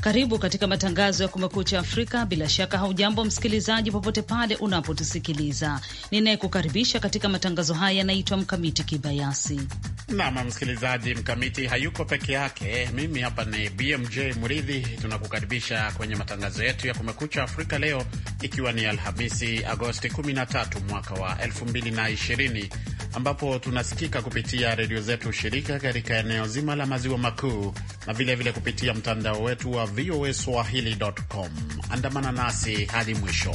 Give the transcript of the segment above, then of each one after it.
Karibu katika matangazo ya Kumekucha Afrika. Bila shaka haujambo msikilizaji, popote pale unapotusikiliza. Ninayekukaribisha katika matangazo haya yanaitwa Mkamiti Kibayasi. nam msikilizaji, Mkamiti hayuko peke yake. Mimi hapa ni BMJ mridhi Tunakukaribisha kwenye matangazo yetu ya Kumekucha Afrika leo, ikiwa ni Alhamisi Agosti 13 mwaka wa 2020 ambapo tunasikika kupitia redio zetu shirika katika eneo zima la maziwa makuu na vilevile kupitia mtandao wetu wa voa swahili.com. Andamana nasi hadi mwisho.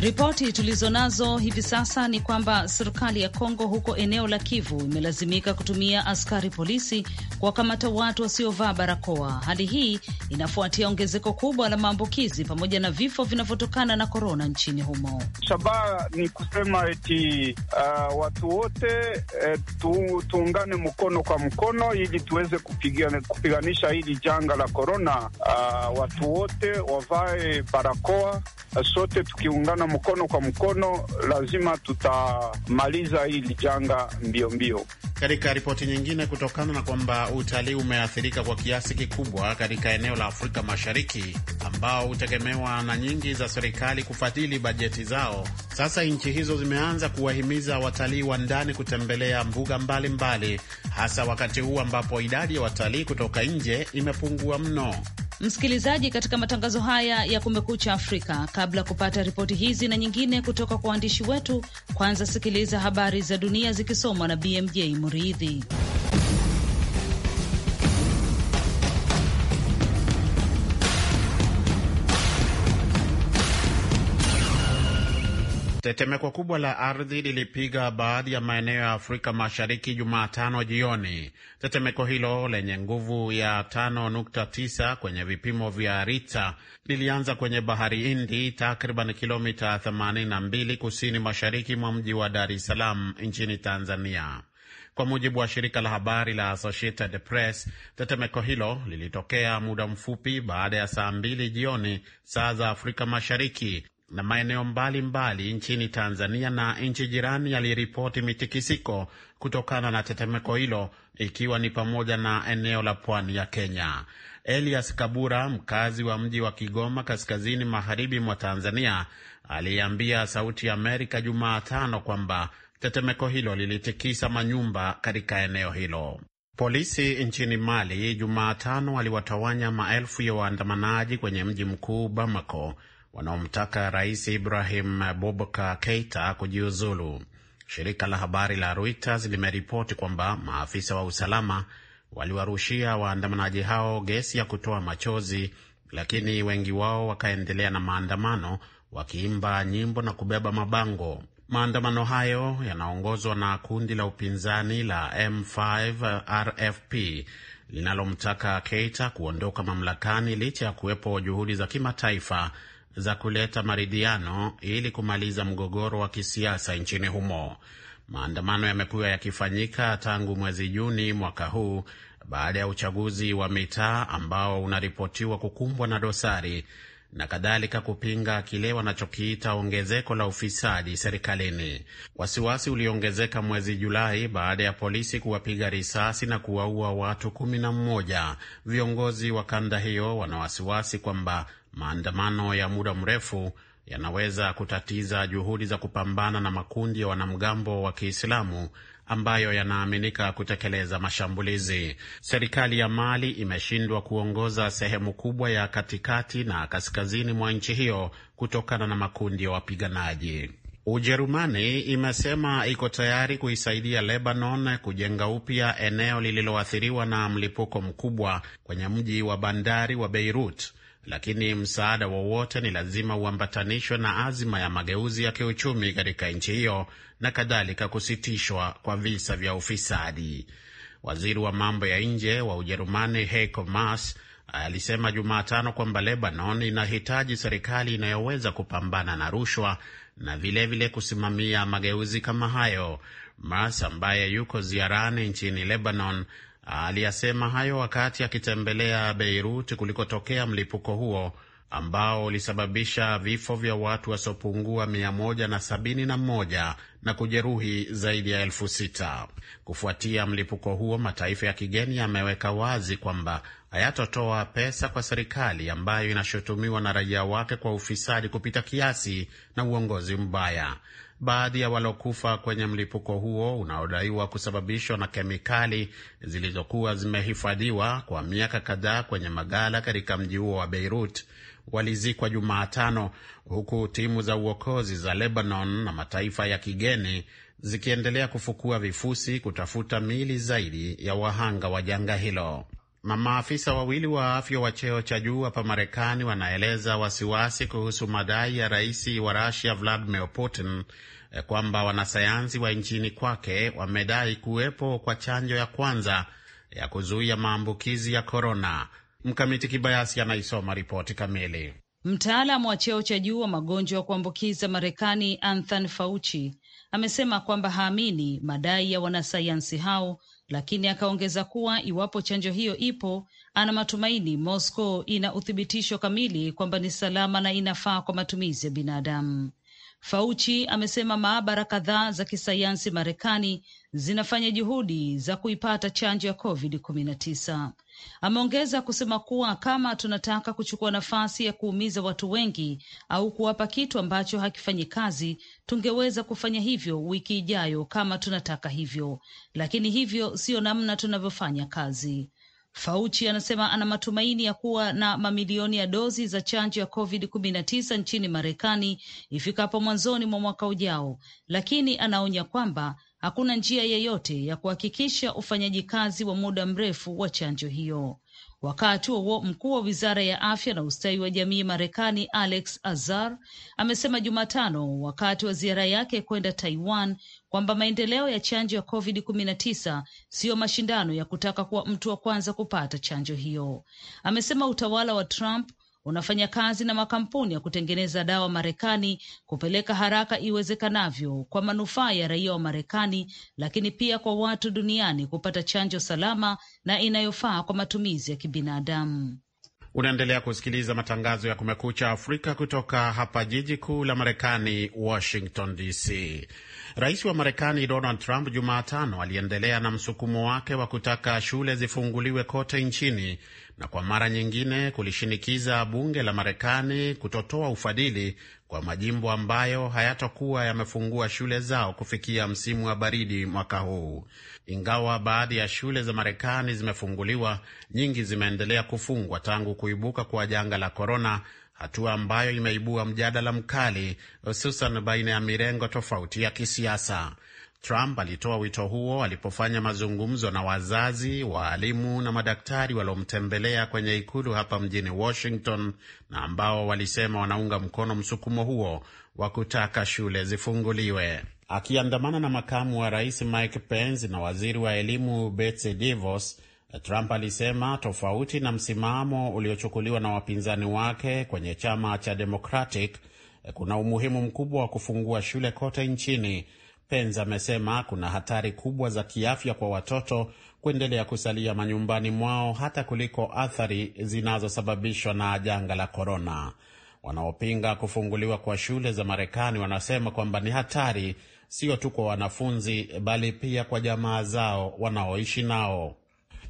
Ripoti tulizo nazo hivi sasa ni kwamba serikali ya Kongo huko eneo la Kivu imelazimika kutumia askari polisi kuwakamata watu wasiovaa barakoa. Hali hii inafuatia ongezeko kubwa la maambukizi pamoja na vifo vinavyotokana na korona nchini humo. Shabaha ni kusema eti uh, watu wote eh, tu, tuungane mkono kwa mkono ili tuweze kupiganisha hili janga la korona. Uh, watu wote wavae barakoa. Sote tukiungana mkono kwa mkono, lazima tutamaliza hili janga mbio mbio. Katika ripoti nyingine, kutokana na kwamba utalii umeathirika kwa kiasi kikubwa katika eneo la Afrika Mashariki ambao hutegemewa na nyingi za serikali kufadhili bajeti zao. Sasa nchi hizo zimeanza kuwahimiza watalii wa ndani kutembelea mbuga mbalimbali mbali, hasa wakati huu ambapo idadi ya watalii kutoka nje imepungua mno. Msikilizaji, katika matangazo haya ya Kumekucha Afrika, kabla ya kupata ripoti hizi na nyingine kutoka kwa waandishi wetu, kwanza sikiliza habari za dunia zikisomwa na BMJ Muridhi. Tetemeko kubwa la ardhi lilipiga baadhi ya maeneo ya Afrika Mashariki Jumatano jioni. Tetemeko hilo lenye nguvu ya 5.9 kwenye vipimo vya Richter lilianza kwenye bahari Hindi, takriban kilomita 82 kusini mashariki mwa mji wa Dar es Salaam nchini Tanzania. Kwa mujibu wa shirika la habari la Associated Press, tetemeko hilo lilitokea muda mfupi baada ya saa mbili jioni saa za Afrika Mashariki, na maeneo mbalimbali mbali nchini Tanzania na nchi jirani yaliripoti mitikisiko kutokana na tetemeko hilo ikiwa ni pamoja na eneo la pwani ya Kenya. Elias Kabura, mkazi wa mji wa Kigoma kaskazini magharibi mwa Tanzania, aliambia Sauti ya Amerika Jumatano kwamba tetemeko hilo lilitikisa manyumba katika eneo hilo. Polisi nchini Mali Jumatano waliwatawanya maelfu ya waandamanaji kwenye mji mkuu Bamako wanaomtaka Rais Ibrahim Boubacar Keita kujiuzulu. Shirika la habari la Reuters limeripoti kwamba maafisa wa usalama waliwarushia waandamanaji hao gesi ya kutoa machozi, lakini wengi wao wakaendelea na maandamano wakiimba nyimbo na kubeba mabango. Maandamano hayo yanaongozwa na kundi la upinzani la M5 RFP linalomtaka Keita kuondoka mamlakani licha ya kuwepo juhudi za kimataifa za kuleta maridhiano ili kumaliza mgogoro wa kisiasa nchini humo. Maandamano yamekuwa yakifanyika tangu mwezi Juni mwaka huu baada ya uchaguzi wa mitaa ambao unaripotiwa kukumbwa na dosari na kadhalika kupinga kile wanachokiita ongezeko la ufisadi serikalini. Wasiwasi uliongezeka mwezi Julai baada ya polisi kuwapiga risasi na kuwaua watu kumi na mmoja. Viongozi wa kanda hiyo wana wasiwasi kwamba maandamano ya muda mrefu yanaweza kutatiza juhudi za kupambana na makundi ya wanamgambo wa Kiislamu ambayo yanaaminika kutekeleza mashambulizi. Serikali ya Mali imeshindwa kuongoza sehemu kubwa ya katikati na kaskazini mwa nchi hiyo kutokana na makundi ya wapiganaji. Ujerumani imesema iko tayari kuisaidia Lebanon kujenga upya eneo lililoathiriwa na mlipuko mkubwa kwenye mji wa bandari wa Beirut lakini msaada wowote ni lazima uambatanishwe na azima ya mageuzi ya kiuchumi katika nchi hiyo na kadhalika, kusitishwa kwa visa vya ufisadi. Waziri wa mambo ya nje wa Ujerumani Heiko Maas alisema Jumatano kwamba Lebanon inahitaji serikali inayoweza kupambana na rushwa na vilevile vile kusimamia mageuzi kama hayo. Maas ambaye yuko ziarani nchini Lebanon Aliyasema hayo wakati akitembelea Beirut kulikotokea mlipuko huo ambao ulisababisha vifo vya watu wasiopungua 171 na, na kujeruhi zaidi ya elfu sita. Kufuatia mlipuko huo, mataifa ya kigeni yameweka wazi kwamba hayatotoa pesa kwa serikali ambayo inashutumiwa na raia wake kwa ufisadi kupita kiasi na uongozi mbaya baadhi ya walokufa kwenye mlipuko huo unaodaiwa kusababishwa na kemikali zilizokuwa zimehifadhiwa kwa miaka kadhaa kwenye magala katika mji huo wa Beirut walizikwa Jumatano, huku timu za uokozi za Lebanon na mataifa ya kigeni zikiendelea kufukua vifusi kutafuta miili zaidi ya wahanga wa janga hilo. Maafisa wawili wa afya wa cheo cha juu hapa Marekani wanaeleza wasiwasi kuhusu madai ya rais wa Rusia Vladimir Putin eh, kwamba wanasayansi wa nchini kwake wamedai kuwepo kwa chanjo ya kwanza ya kuzuia maambukizi ya korona. Mkamiti Kibayasi anaisoma ripoti kamili. Mtaalamu wa cheo cha juu wa magonjwa ya kuambukiza Marekani Anthony Fauci amesema kwamba haamini madai ya wanasayansi hao lakini akaongeza kuwa iwapo chanjo hiyo ipo, ana matumaini Moscow ina uthibitisho kamili kwamba ni salama na inafaa kwa matumizi ya binadamu fauchi amesema maabara kadhaa za kisayansi Marekani zinafanya juhudi za kuipata chanjo ya COVID-19. Ameongeza kusema kuwa kama tunataka kuchukua nafasi ya kuumiza watu wengi au kuwapa kitu ambacho hakifanyi kazi, tungeweza kufanya hivyo wiki ijayo kama tunataka hivyo, lakini hivyo siyo namna tunavyofanya kazi. Fauci anasema ana matumaini ya kuwa na mamilioni ya dozi za chanjo ya COVID-19 nchini Marekani ifikapo mwanzoni mwa mwaka ujao, lakini anaonya kwamba hakuna njia yeyote ya kuhakikisha ufanyaji kazi wa muda mrefu wa chanjo hiyo. Wakati huo mkuu wa wizara ya afya na ustawi wa jamii Marekani, Alex Azar amesema Jumatano wakati wa ziara yake kwenda Taiwan kwamba maendeleo ya chanjo ya COVID-19 siyo mashindano ya kutaka kuwa mtu wa kwanza kupata chanjo hiyo. Amesema utawala wa Trump unafanya kazi na makampuni ya kutengeneza dawa Marekani kupeleka haraka iwezekanavyo kwa manufaa ya raia wa Marekani, lakini pia kwa watu duniani kupata chanjo salama na inayofaa kwa matumizi ya kibinadamu. Unaendelea kusikiliza matangazo ya Kumekucha Afrika kutoka hapa jiji kuu la Marekani, Washington DC. Rais wa Marekani Donald Trump Jumatano aliendelea na msukumo wake wa kutaka shule zifunguliwe kote nchini na kwa mara nyingine kulishinikiza bunge la Marekani kutotoa ufadhili kwa majimbo ambayo hayatakuwa yamefungua shule zao kufikia msimu wa baridi mwaka huu. Ingawa baadhi ya shule za Marekani zimefunguliwa, nyingi zimeendelea kufungwa tangu kuibuka kwa janga la korona, hatua ambayo imeibua mjadala mkali, hususan baina ya mirengo tofauti ya kisiasa. Trump alitoa wito huo alipofanya mazungumzo na wazazi, waalimu na madaktari waliomtembelea kwenye ikulu hapa mjini Washington, na ambao walisema wanaunga mkono msukumo huo wa kutaka shule zifunguliwe. Akiandamana na makamu wa rais Mike Pence na waziri wa elimu Betsy DeVos, Trump alisema tofauti na msimamo uliochukuliwa na wapinzani wake kwenye chama cha Democratic, kuna umuhimu mkubwa wa kufungua shule kote nchini Pence amesema kuna hatari kubwa za kiafya kwa watoto kuendelea kusalia manyumbani mwao hata kuliko athari zinazosababishwa na janga la korona. Wanaopinga kufunguliwa kwa shule za Marekani wanasema kwamba ni hatari sio tu kwa wanafunzi bali pia kwa jamaa zao wanaoishi nao.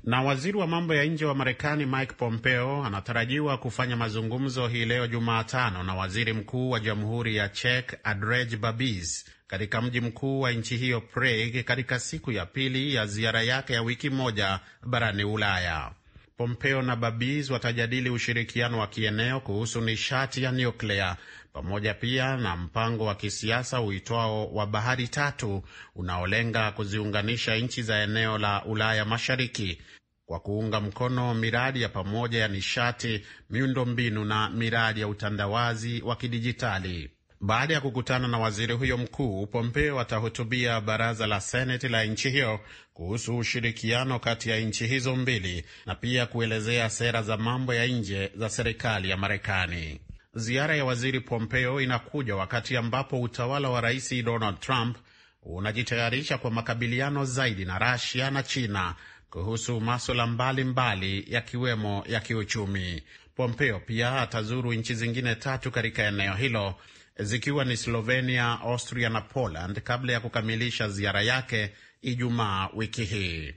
Na waziri wa mambo ya nje wa Marekani Mike Pompeo anatarajiwa kufanya mazungumzo hii leo Jumatano na waziri mkuu wa jamhuri ya Czech Andrej Babis katika mji mkuu wa nchi hiyo Prague, katika siku ya pili ya ziara yake ya wiki moja barani Ulaya. Pompeo na Babis watajadili ushirikiano wa kieneo kuhusu nishati ya nyuklia pamoja pia na mpango wa kisiasa uitwao wa Bahari Tatu unaolenga kuziunganisha nchi za eneo la Ulaya Mashariki kwa kuunga mkono miradi ya pamoja ya nishati, miundo mbinu na miradi ya utandawazi wa kidijitali. Baada ya kukutana na waziri huyo mkuu, Pompeo atahutubia baraza la seneti la nchi hiyo kuhusu ushirikiano kati ya nchi hizo mbili na pia kuelezea sera za mambo ya nje za serikali ya Marekani. Ziara ya waziri Pompeo inakuja wakati ambapo utawala wa rais Donald Trump unajitayarisha kwa makabiliano zaidi na Rasia na China kuhusu maswala mbalimbali yakiwemo ya kiuchumi. Pompeo pia atazuru nchi zingine tatu katika eneo hilo zikiwa ni Slovenia, Austria na Poland kabla ya kukamilisha ziara yake Ijumaa wiki hii.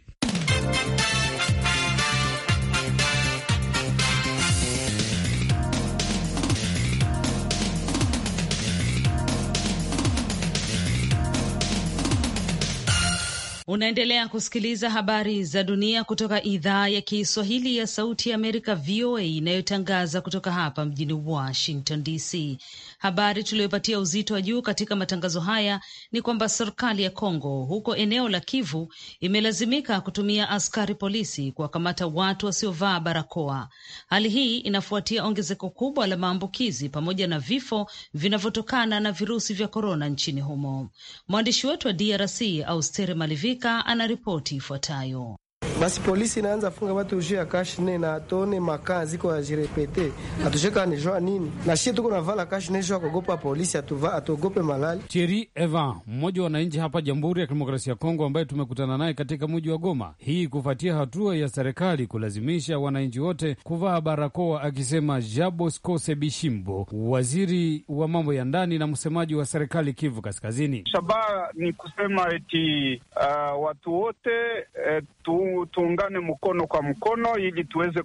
Unaendelea kusikiliza habari za dunia kutoka idhaa ya Kiswahili ya Sauti ya Amerika, VOA, inayotangaza kutoka hapa mjini Washington DC. Habari tuliyopatia uzito wa juu katika matangazo haya ni kwamba serikali ya Kongo huko eneo la Kivu imelazimika kutumia askari polisi kuwakamata watu wasiovaa barakoa. Hali hii inafuatia ongezeko kubwa la maambukizi pamoja na vifo vinavyotokana na virusi vya korona nchini humo. Mwandishi wetu wa DRC Austere Malivika Amerika anaripoti ifuatayo basi polisi inaanza funga watu ushia kashine na atone ziko ya jirepete atusheka anijua nini na shie tuko navala kashine joa kuogopa polisi atuva atuogope malali. Thierry Evan mmoja wa wananchi hapa Jamhuri ya Kidemokrasia ya Kongo ambaye tumekutana naye katika mji wa Goma, hii kufuatia hatua ya serikali kulazimisha wananchi wote kuvaa barakoa, akisema Jabo Skose Bishimbo, waziri wa mambo ya ndani na msemaji wa serikali Kivu Kaskazini. Shabaha ni kusema eti uh, watu wote uh, tu tuungane mkono kwa mkono ili tuweze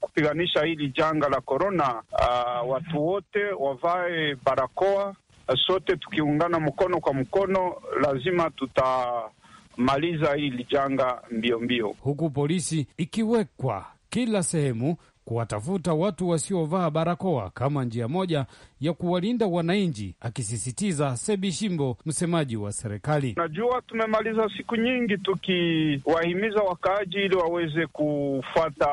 kupiganisha hili janga la korona. Uh, ah, watu wote wavae barakoa. Sote tukiungana mkono kwa mkono, lazima tutamaliza hili janga mbio mbio, huku polisi ikiwekwa kila sehemu kuwatafuta watu wasiovaa barakoa kama njia moja ya kuwalinda wananchi, akisisitiza Sebishimbo, msemaji wa serikali. Najua tumemaliza siku nyingi tukiwahimiza wakaaji ili waweze kufata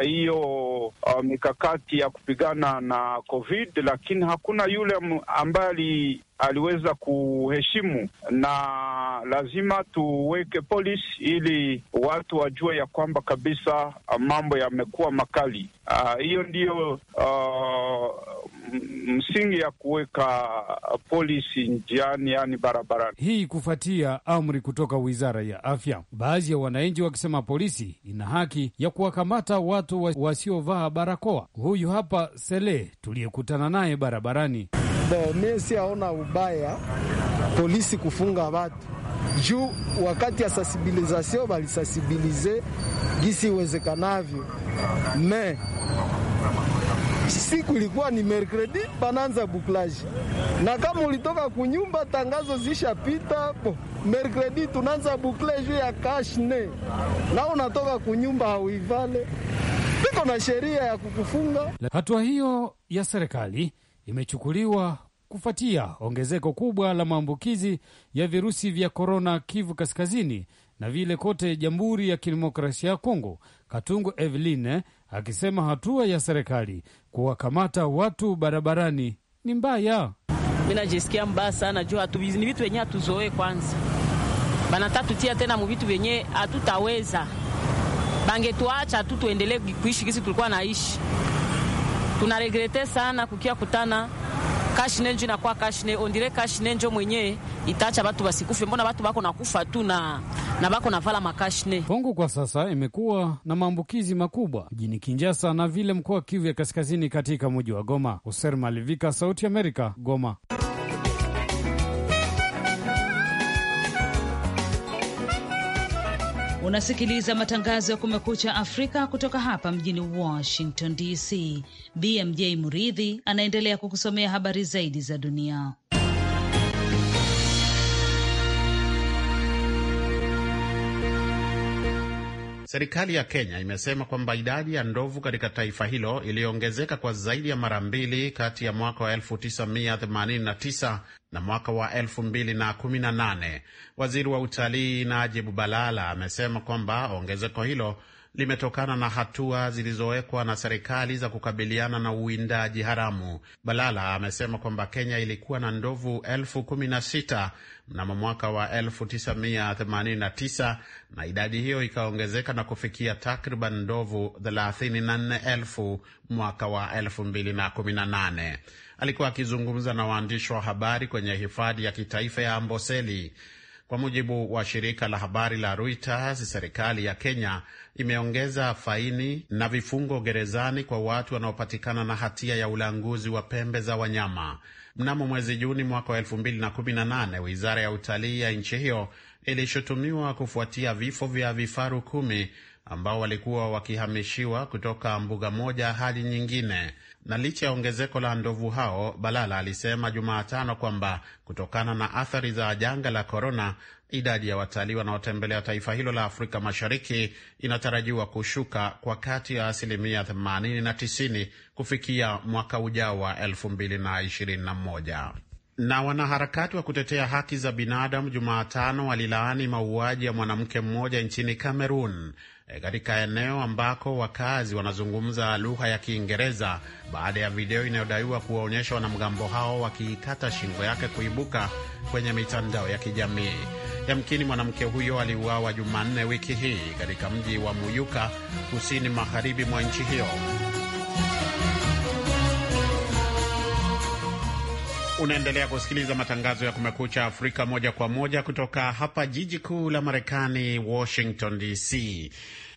hiyo uh, mikakati ya kupigana na COVID, lakini hakuna yule ambaye aliweza kuheshimu na lazima tuweke polisi ili watu wajue ya kwamba kabisa ah, mambo yamekuwa makali. Ah, hiyo uh, ndiyo uh, msingi ya kuweka polisi njiani, yani barabarani. Hii kufuatia amri kutoka wizara ya afya, baadhi ya wananchi wakisema polisi ina haki ya kuwakamata watu wasiovaa barakoa. Huyu hapa Sele tuliyekutana naye barabarani. Mi siaona ubaya polisi kufunga watu juu wakati ya sensibilisation balisensibilize gisi iwezekanavyo me siku ilikuwa ni mercredi, pananza buklaji, na kama ulitoka kunyumba tangazo zishapita hapo, mercredi tunanza buklaji ya kashne, na unatoka kunyumba hauivale, piko na sheria ya kukufunga. Hatua hiyo ya serikali imechukuliwa kufuatia ongezeko kubwa la maambukizi ya virusi vya korona Kivu Kaskazini na vile kote Jamhuri ya Kidemokrasia ya Kongo. Katungu Eveline akisema hatua ya serikali kuwakamata watu barabarani ni mbaya. Mi najisikia mbaya sana juu ni vitu vyenye hatuzoee, kwanza banatatutia tena muvitu vyenye hatutaweza. Bangetuacha tu tuendelee kuishi kisi tulikuwa naishi. Tunaregrete sana kukia kutana kashine njo inakuwa kashine ondire kashine nenjo mwenye itacha batu basikufe. Mbona batu bako nakufa tu na, na bako navala ne. Kongo kwa sasa imekuwa na maambukizi makubwa mjini kinjasa na vile mkoa Kivu ya Kaskazini katika mji wa Goma. Hoser Malivika, Sauti Amerika, Goma. Unasikiliza matangazo ya Kumekucha Afrika kutoka hapa mjini Washington DC. BMJ Muridhi anaendelea kukusomea habari zaidi za dunia. Serikali ya Kenya imesema kwamba idadi ya ndovu katika taifa hilo iliongezeka kwa zaidi ya mara mbili kati ya mwaka wa 1989 na mwaka wa 2018. Waziri wa utalii Najib Balala amesema kwamba ongezeko hilo limetokana na hatua zilizowekwa na serikali za kukabiliana na uwindaji haramu. Balala amesema kwamba Kenya ilikuwa na ndovu elfu kumi na sita mnamo mwaka wa 1989 na idadi hiyo ikaongezeka na kufikia takriban ndovu 34,000 mwaka wa 2018. Alikuwa akizungumza na waandishi wa habari kwenye hifadhi ya kitaifa ya Amboseli. Kwa mujibu wa shirika la habari la Reuters, serikali ya Kenya imeongeza faini na vifungo gerezani kwa watu wanaopatikana na hatia ya ulanguzi wa pembe za wanyama. Mnamo mwezi Juni mwaka wa 2018 wizara ya utalii ya nchi hiyo ilishutumiwa kufuatia vifo vya vifaru kumi ambao walikuwa wakihamishiwa kutoka mbuga moja hadi nyingine. Na licha ya ongezeko la ndovu hao, Balala alisema Jumatano kwamba kutokana na athari za janga la korona, idadi ya watalii wanaotembelea taifa hilo la Afrika Mashariki inatarajiwa kushuka kwa kati ya asilimia 80 na 90 kufikia mwaka ujao wa 2021 na wanaharakati wa kutetea haki za binadamu Jumatano walilaani mauaji ya mwanamke mmoja nchini Kamerun E, katika eneo ambako wakazi wanazungumza lugha ya Kiingereza baada ya video inayodaiwa kuwaonyesha wanamgambo hao wakiikata shingo yake kuibuka kwenye mitandao ya kijamii. Yamkini mwanamke huyo aliuawa Jumanne wiki hii katika mji wa Muyuka kusini magharibi mwa nchi hiyo. Unaendelea kusikiliza matangazo ya Kumekucha Afrika moja kwa moja kutoka hapa jiji kuu la Marekani, Washington DC.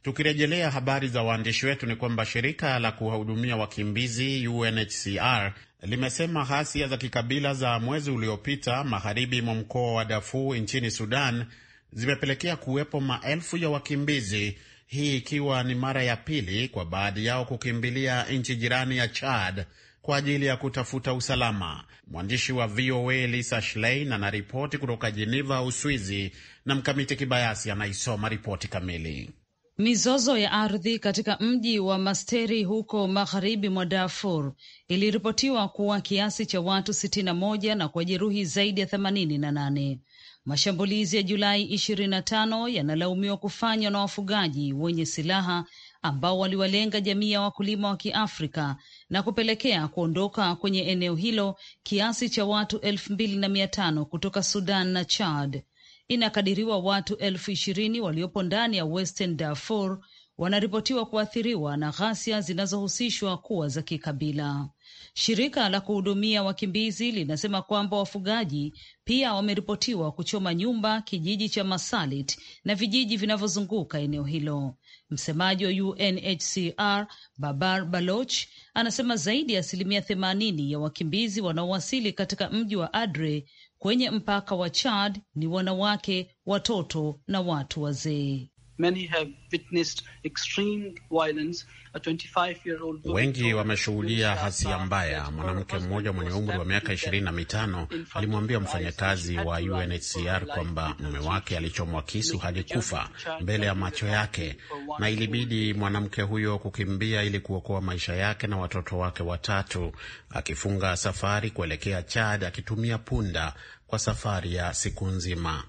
Tukirejelea habari za waandishi wetu, ni kwamba shirika la kuwahudumia wakimbizi UNHCR limesema ghasia za kikabila za mwezi uliopita magharibi mwa mkoa wa Darfur nchini Sudan zimepelekea kuwepo maelfu ya wakimbizi, hii ikiwa ni mara ya pili kwa baadhi yao kukimbilia nchi jirani ya Chad kwa ajili ya kutafuta usalama. Mwandishi wa VOA Lisa Schlein anaripoti kutoka Jeneva, Uswizi, na Mkamiti Kibayasi anaisoma ripoti kamili. Mizozo ya ardhi katika mji wa Masteri huko magharibi mwa Darfur iliripotiwa kuwa kiasi cha watu 61 na kujeruhi zaidi ya 88. Mashambulizi ya Julai 25 yanalaumiwa kufanywa na wafugaji wenye silaha ambao waliwalenga jamii ya wakulima wa Kiafrika na kupelekea kuondoka kwenye eneo hilo kiasi cha watu elfu mbili na mia tano kutoka Sudan na Chad. Inakadiriwa watu elfu ishirini waliopo ndani ya Western Darfur wanaripotiwa kuathiriwa na ghasia zinazohusishwa kuwa za kikabila. Shirika la kuhudumia wakimbizi linasema kwamba wafugaji pia wameripotiwa kuchoma nyumba kijiji cha Masalit na vijiji vinavyozunguka eneo hilo. Msemaji wa UNHCR Babar Baloch anasema zaidi ya asilimia themanini ya wakimbizi wanaowasili katika mji wa Adre kwenye mpaka wa Chad ni wanawake, watoto na watu wazee. Wengi wameshuhudia hasia mbaya. Mwanamke mmoja mwenye umri wa miaka ishirini na mitano alimwambia mfanyakazi wa UNHCR kwamba mume wake alichomwa kisu hadi kufa mbele ya macho yake, na ilibidi mwanamke huyo kukimbia ili kuokoa maisha yake na watoto wake watatu, akifunga safari kuelekea Chad akitumia punda kwa safari ya siku nzima.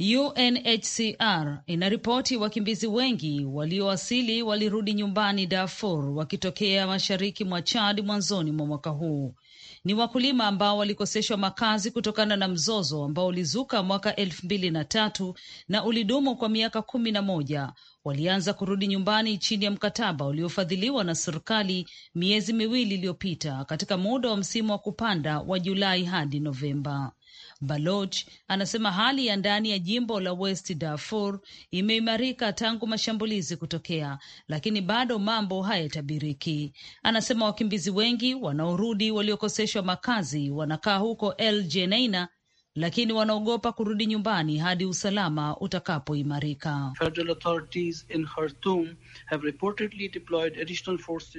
UNHCR inaripoti wakimbizi wengi waliowasili walirudi nyumbani Darfur wakitokea mashariki mwa Chad mwanzoni mwa mwaka huu. Ni wakulima ambao walikoseshwa makazi kutokana na mzozo ambao ulizuka mwaka elfu mbili na tatu na ulidumu kwa miaka kumi na moja walianza kurudi nyumbani chini ya mkataba uliofadhiliwa na serikali miezi miwili iliyopita katika muda wa msimu wa kupanda wa Julai hadi Novemba. Baloch anasema hali ya ndani ya jimbo la West Darfur imeimarika tangu mashambulizi kutokea, lakini bado mambo hayatabiriki. Anasema wakimbizi wengi wanaorudi waliokoseshwa makazi wanakaa huko El Jeneina lakini wanaogopa kurudi nyumbani hadi usalama utakapoimarika.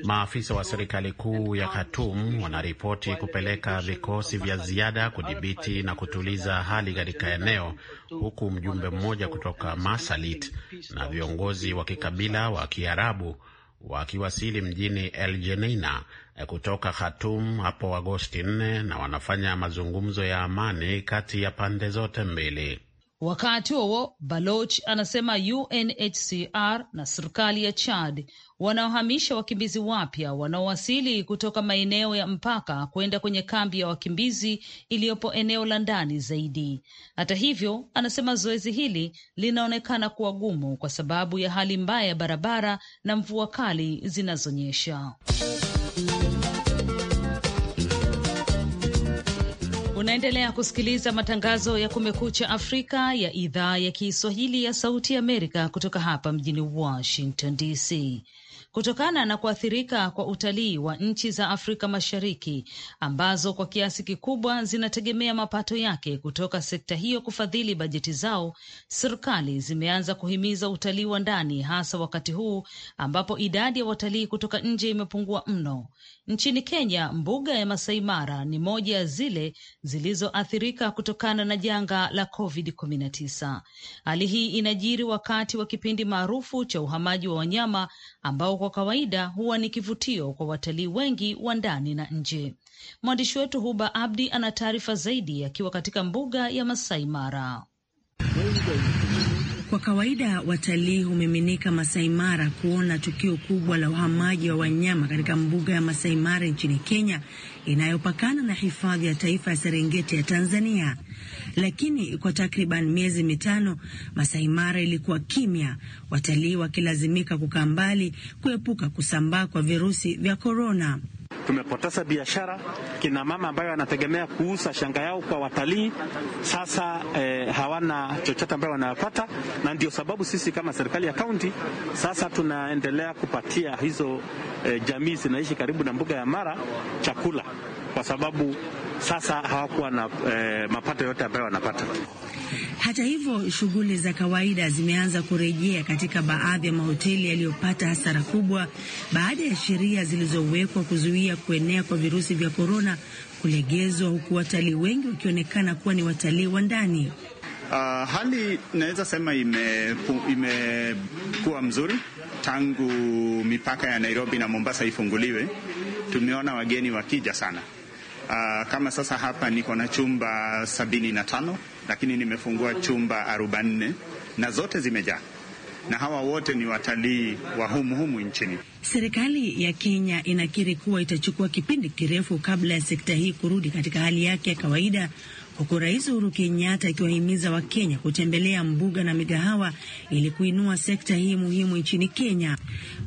Maafisa wa serikali kuu ya Khartoum wanaripoti kupeleka vikosi vya ziada kudhibiti na kutuliza hali katika eneo, huku mjumbe mmoja kutoka Masalit na viongozi wa kikabila wa Kiarabu wakiwasili mjini El Jenina Eh, kutoka Khartoum hapo Agosti 4 na wanafanya mazungumzo ya amani kati ya pande zote mbili. Wakati huo Baloch anasema UNHCR na serikali ya Chad wanaohamisha wakimbizi wapya wanaowasili kutoka maeneo ya mpaka kwenda kwenye kambi ya wakimbizi iliyopo eneo la ndani zaidi. Hata hivyo, anasema zoezi hili linaonekana kuwa gumu kwa sababu ya hali mbaya ya barabara na mvua kali zinazonyesha. Unaendelea kusikiliza matangazo ya Kumekucha Afrika ya idhaa ya Kiswahili ya Sauti Amerika kutoka hapa mjini Washington DC kutokana na kuathirika kwa utalii wa nchi za Afrika Mashariki ambazo kwa kiasi kikubwa zinategemea mapato yake kutoka sekta hiyo kufadhili bajeti zao. Serikali zimeanza kuhimiza utalii wa ndani, hasa wakati huu ambapo idadi ya watalii kutoka nje imepungua mno. Nchini Kenya, mbuga ya Masai Mara ni moja ya zile zilizoathirika kutokana na janga la COVID-19. Hali hii inajiri wakati wa kipindi maarufu cha uhamaji wa wanyama ambao kwa kawaida huwa ni kivutio kwa watalii wengi wa ndani na nje. Mwandishi wetu Huba Abdi ana taarifa zaidi akiwa katika mbuga ya Masai Mara. Kwa kawaida watalii humiminika Masai Mara kuona tukio kubwa la uhamaji wa wanyama katika mbuga ya Masai Mara nchini Kenya inayopakana na hifadhi ya taifa ya Serengeti ya Tanzania. Lakini kwa takriban miezi mitano Masai Mara ilikuwa kimya, watalii wakilazimika kukaa mbali kuepuka kusambaa kwa virusi vya korona. Tumepoteza biashara, kina mama ambayo wanategemea kuuza shanga yao kwa watalii sasa eh, hawana chochote ambayo wanayapata, na ndio sababu sisi kama serikali ya kaunti sasa tunaendelea kupatia hizo eh, jamii zinaishi karibu na mbuga ya Mara chakula kwa sababu sasa hawakuwa na eh, mapato yote ambayo wanapata. Hata hivyo, shughuli za kawaida zimeanza kurejea katika baadhi ya mahoteli yaliyopata hasara kubwa baada ya sheria zilizowekwa kuzuia kuenea kwa virusi vya korona kulegezwa, huku watalii wengi wakionekana kuwa ni watalii wa ndani. Uh, hali naweza sema imekuwa ime mzuri tangu mipaka ya Nairobi na Mombasa ifunguliwe. Tumeona wageni wakija sana. Uh, kama sasa hapa niko na chumba sabini na tano lakini nimefungua chumba 44 na zote zimejaa na hawa wote ni watalii wa humuhumu nchini. Serikali ya Kenya inakiri kuwa itachukua kipindi kirefu kabla ya sekta hii kurudi katika hali yake ya kawaida huku Rais Uhuru Kenyatta akiwahimiza Wakenya kutembelea mbuga na migahawa ili kuinua sekta hii muhimu nchini Kenya.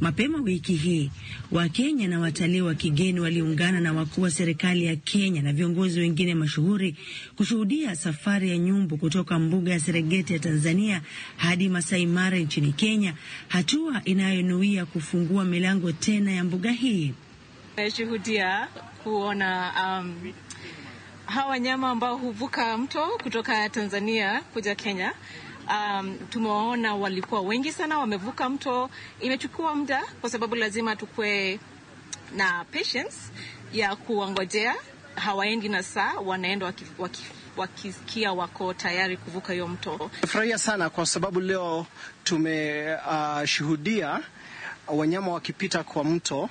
Mapema wiki hii, Wakenya na watalii wa kigeni waliungana na wakuu wa serikali ya Kenya na viongozi wengine mashuhuri kushuhudia safari ya nyumbu kutoka mbuga ya Serengeti ya Tanzania hadi Masai Mara nchini Kenya, hatua inayonuia kufungua milango tena ya mbuga hii. Nimeshuhudia kuona um, hawa wanyama ambao huvuka mto kutoka Tanzania kuja Kenya. Um, tumewaona walikuwa wengi sana wamevuka mto. Imechukua muda kwa sababu lazima tukue na patience ya kuwangojea. Hawaendi na saa, wanaenda wakisikia waki, wakisikia wako tayari kuvuka hiyo mto. Furahia sana kwa sababu leo tumeshuhudia uh, wanyama wakipita kwa mto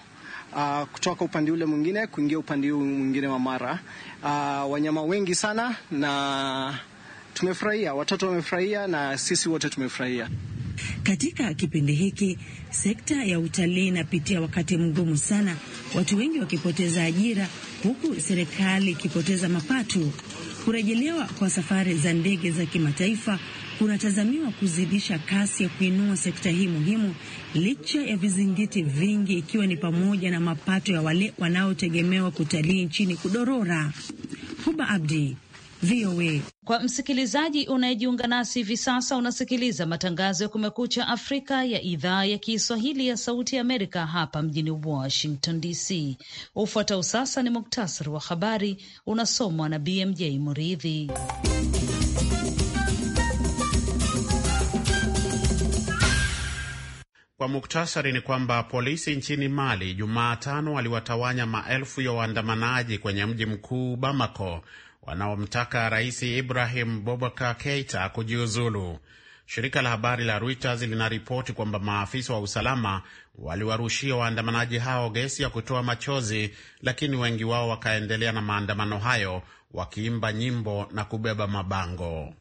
uh, kutoka upande ule mwingine kuingia upande huu mwingine wa Mara. Uh, wanyama wengi sana na tumefurahia, watoto wamefurahia na sisi wote tumefurahia. Katika kipindi hiki sekta ya utalii inapitia wakati mgumu sana, watu wengi wakipoteza ajira, huku serikali ikipoteza mapato. Kurejelewa kwa safari za ndege za kimataifa kunatazamiwa kuzidisha kasi ya kuinua sekta hii muhimu licha ya vizingiti vingi, ikiwa ni pamoja na mapato ya wale wanaotegemewa kutalii nchini kudorora. Huba Abdi, VOA. Kwa msikilizaji unayejiunga nasi hivi sasa, unasikiliza matangazo ya Kumekucha Afrika ya idhaa ya Kiswahili ya Sauti ya Amerika hapa mjini Washington DC. Ufuatao sasa ni muktasari wa habari unasomwa na BMJ Muridhi. Kwa muktasari ni kwamba polisi nchini Mali Jumatano waliwatawanya maelfu ya waandamanaji kwenye mji mkuu Bamako wanaomtaka Rais Ibrahim bobakar Keita kujiuzulu. Shirika la habari la Reuters linaripoti kwamba maafisa wa usalama waliwarushia waandamanaji hao gesi ya kutoa machozi, lakini wengi wao wakaendelea na maandamano hayo wakiimba nyimbo na kubeba mabango.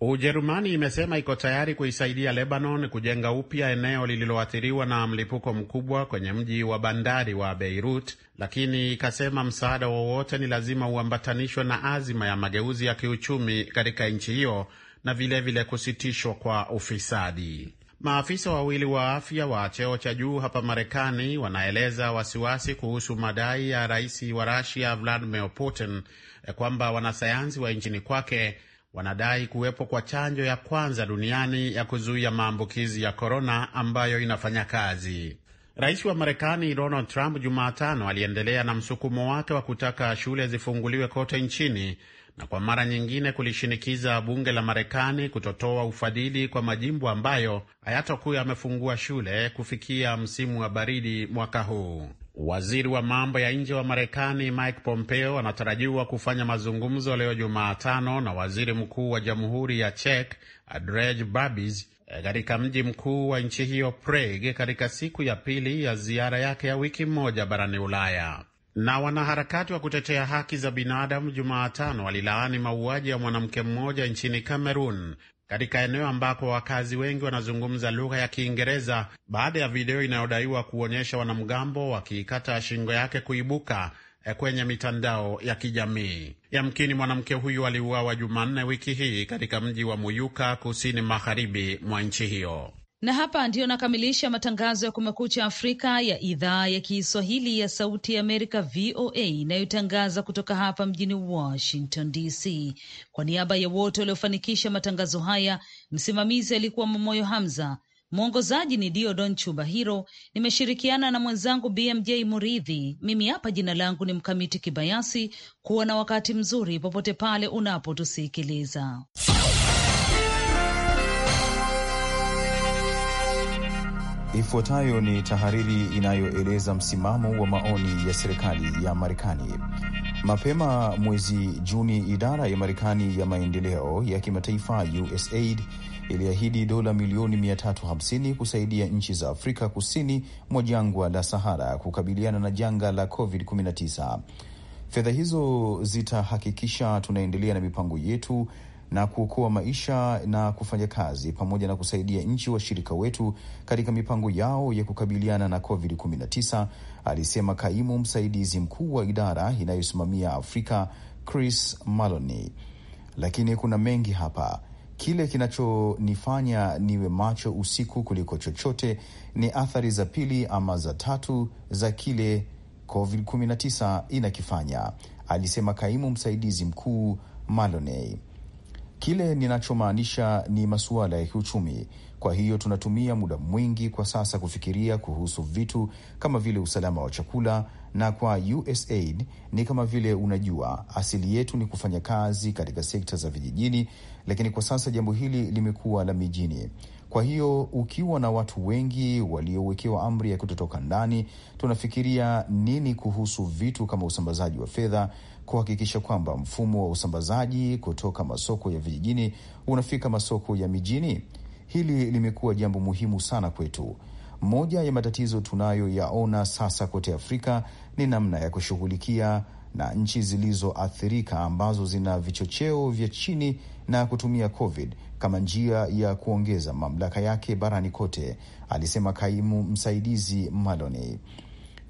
Ujerumani imesema iko tayari kuisaidia Lebanon kujenga upya eneo lililoathiriwa na mlipuko mkubwa kwenye mji wa bandari wa Beirut, lakini ikasema msaada wowote ni lazima uambatanishwe na azima ya mageuzi ya kiuchumi katika nchi hiyo na vilevile vile kusitishwa kwa ufisadi. Maafisa wawili wa afya wa cheo cha juu hapa Marekani wanaeleza wasiwasi kuhusu madai ya rais wa Rusia Vladimir Putin kwamba wanasayansi wa nchini kwake wanadai kuwepo kwa chanjo ya kwanza duniani ya kuzuia maambukizi ya korona ambayo inafanya kazi. Rais wa Marekani Donald Trump Jumatano aliendelea na msukumo wake wa kutaka shule zifunguliwe kote nchini na kwa mara nyingine kulishinikiza bunge la Marekani kutotoa ufadhili kwa majimbo ambayo hayatakuwa yamefungua shule kufikia msimu wa baridi mwaka huu. Waziri wa mambo ya nje wa Marekani Mike Pompeo anatarajiwa kufanya mazungumzo leo Jumatano na waziri mkuu wa jamhuri ya Czech Andrej Babis eh, katika mji mkuu wa nchi hiyo Prague, katika siku ya pili ya ziara yake ya wiki moja barani Ulaya. Na wanaharakati wa kutetea haki za binadamu Jumatano walilaani mauaji ya mwanamke mmoja nchini cameroon katika eneo ambako wakazi wengi wanazungumza lugha ya Kiingereza baada ya video inayodaiwa kuonyesha wanamgambo wakiikata shingo yake kuibuka eh, kwenye mitandao ya kijamii. Yamkini mwanamke huyu aliuawa Jumanne wiki hii katika mji wa Muyuka, kusini magharibi mwa nchi hiyo na hapa ndiyo nakamilisha matangazo ya Kumekucha Afrika ya idhaa ya Kiswahili ya Sauti ya Amerika, VOA, inayotangaza kutoka hapa mjini Washington DC. Kwa niaba ya wote waliofanikisha matangazo haya, msimamizi alikuwa Momoyo Hamza, mwongozaji ni Diodon Chubahiro, nimeshirikiana na mwenzangu BMJ Muridhi. Mimi hapa jina langu ni Mkamiti Kibayasi. Kuwa na wakati mzuri popote pale unapotusikiliza. Ifuatayo ni tahariri inayoeleza msimamo wa maoni ya serikali ya Marekani. Mapema mwezi Juni, idara ya Marekani ya maendeleo ya kimataifa USAID iliahidi dola milioni 350 kusaidia nchi za Afrika kusini mwa jangwa la Sahara kukabiliana na janga la COVID-19. Fedha hizo zitahakikisha tunaendelea na mipango yetu na kuokoa maisha na kufanya kazi pamoja na kusaidia nchi washirika wetu katika mipango yao ya kukabiliana na COVID-19, alisema kaimu msaidizi mkuu wa idara inayosimamia Afrika Chris Maloney. Lakini kuna mengi hapa. Kile kinachonifanya niwe macho usiku kuliko chochote ni athari za pili ama za tatu za kile COVID-19 inakifanya, alisema kaimu msaidizi mkuu Maloney. Kile ninachomaanisha ni masuala ya kiuchumi. Kwa hiyo tunatumia muda mwingi kwa sasa kufikiria kuhusu vitu kama vile usalama wa chakula, na kwa USAID ni kama vile unajua, asili yetu ni kufanya kazi katika sekta za vijijini, lakini kwa sasa jambo hili limekuwa la mijini. Kwa hiyo ukiwa na watu wengi waliowekewa amri ya kutotoka ndani, tunafikiria nini kuhusu vitu kama usambazaji wa fedha kuhakikisha kwamba mfumo wa usambazaji kutoka masoko ya vijijini unafika masoko ya mijini. Hili limekuwa jambo muhimu sana kwetu. Moja ya matatizo tunayoyaona sasa kote Afrika ni namna ya kushughulikia na nchi zilizoathirika ambazo zina vichocheo vya chini na kutumia COVID kama njia ya kuongeza mamlaka yake barani kote, alisema kaimu msaidizi Maloney.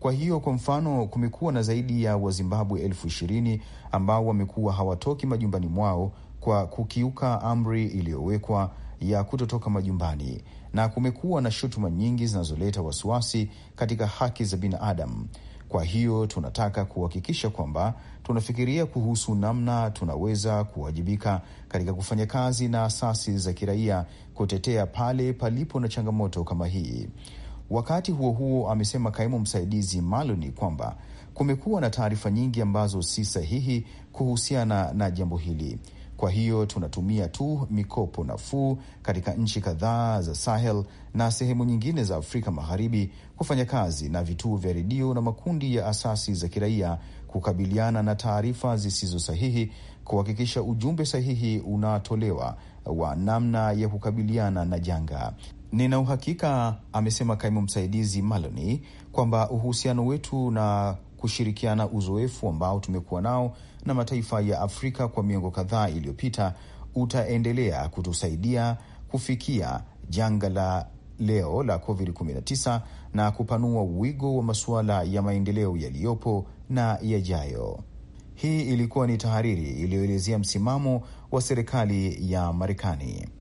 Kwa hiyo kwa mfano, kumekuwa na zaidi ya Wazimbabwe elfu ishirini ambao wamekuwa hawatoki majumbani mwao kwa kukiuka amri iliyowekwa ya kutotoka majumbani, na kumekuwa na shutuma nyingi zinazoleta wasiwasi katika haki za binadamu. Kwa hiyo tunataka kuhakikisha kwamba tunafikiria kuhusu namna tunaweza kuwajibika katika kufanya kazi na asasi za kiraia kutetea pale palipo na changamoto kama hii. Wakati huo huo, amesema kaimu msaidizi Maloni kwamba kumekuwa na taarifa nyingi ambazo si sahihi kuhusiana na jambo hili. Kwa hiyo tunatumia tu mikopo nafuu katika nchi kadhaa za Sahel na sehemu nyingine za Afrika Magharibi kufanya kazi na vituo vya redio na makundi ya asasi za kiraia kukabiliana na taarifa zisizo sahihi, kuhakikisha ujumbe sahihi unatolewa wa namna ya kukabiliana na janga. Nina uhakika, amesema kaimu msaidizi maloni kwamba uhusiano wetu na kushirikiana uzoefu ambao tumekuwa nao na mataifa ya Afrika kwa miongo kadhaa iliyopita utaendelea kutusaidia kufikia janga la leo la COVID-19 na kupanua wigo wa masuala ya maendeleo yaliyopo na yajayo. Hii ilikuwa ni tahariri iliyoelezea msimamo wa serikali ya Marekani.